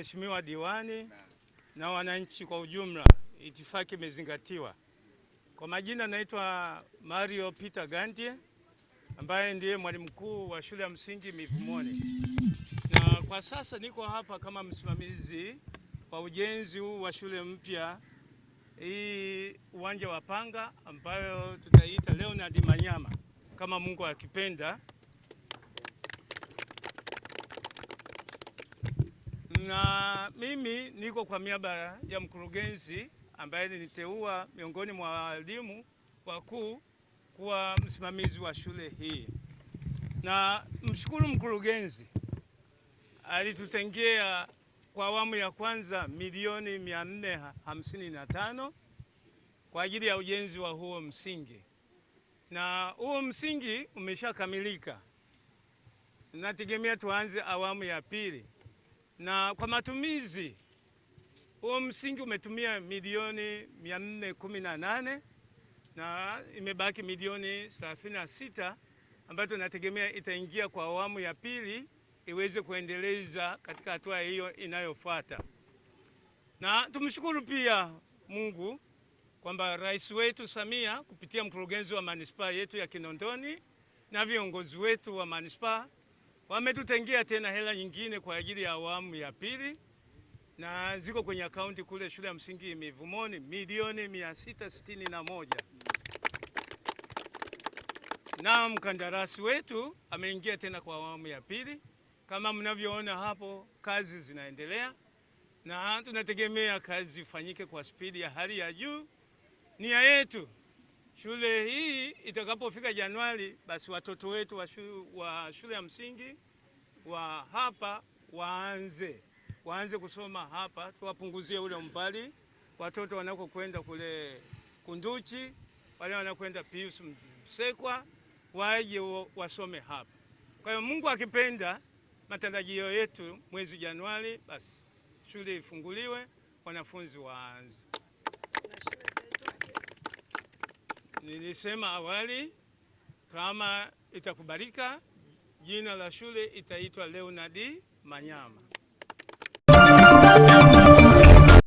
Mheshimiwa Diwani na wananchi kwa ujumla, itifaki imezingatiwa. Kwa majina naitwa Mario Peter Gandie ambaye ndiye mwalimu mkuu wa shule ya msingi Mivumoni, na kwa sasa niko hapa kama msimamizi wa ujenzi huu wa shule mpya hii, uwanja wa Panga ambayo tutaiita Leonard Manyama kama Mungu akipenda. na mimi niko kwa niaba ya mkurugenzi ambaye niliteua miongoni mwa walimu wakuu kuwa msimamizi wa shule hii, na mshukuru mkurugenzi alitutengea kwa awamu ya kwanza milioni mia nne hamsini na tano kwa ajili ya ujenzi wa huo msingi, na huo msingi umeshakamilika. Nategemea tuanze awamu ya pili na kwa matumizi huo msingi umetumia milioni mia na na imebaki milioni 36 ambayo tunategemea itaingia kwa awamu ya pili iweze kuendeleza katika hatua hiyo inayofuata. Na tumshukuru pia Mungu kwamba rais wetu Samia kupitia mkurugenzi wa manispaa yetu ya Kinondoni na viongozi wetu wa manispaa Wametutengea tena hela nyingine kwa ajili ya awamu ya pili na ziko kwenye akaunti kule shule ya msingi Mivumoni milioni mia sita sitini na moja na mkandarasi wetu ameingia tena kwa awamu ya pili. Kama mnavyoona hapo, kazi zinaendelea na tunategemea kazi ifanyike kwa spidi ya hali ya juu. Nia yetu Shule hii itakapofika Januari, basi watoto wetu wa shule, wa shule ya msingi wa hapa waanze waanze kusoma hapa, tuwapunguzie ule umbali watoto wanakokwenda kule Kunduchi, wale wanakwenda Pius Msekwa waje wasome hapa. Kwa hiyo Mungu akipenda, matarajio yetu mwezi Januari, basi shule ifunguliwe, wanafunzi waanze Nilisema awali kama itakubalika, jina la shule itaitwa leonardi Manyama.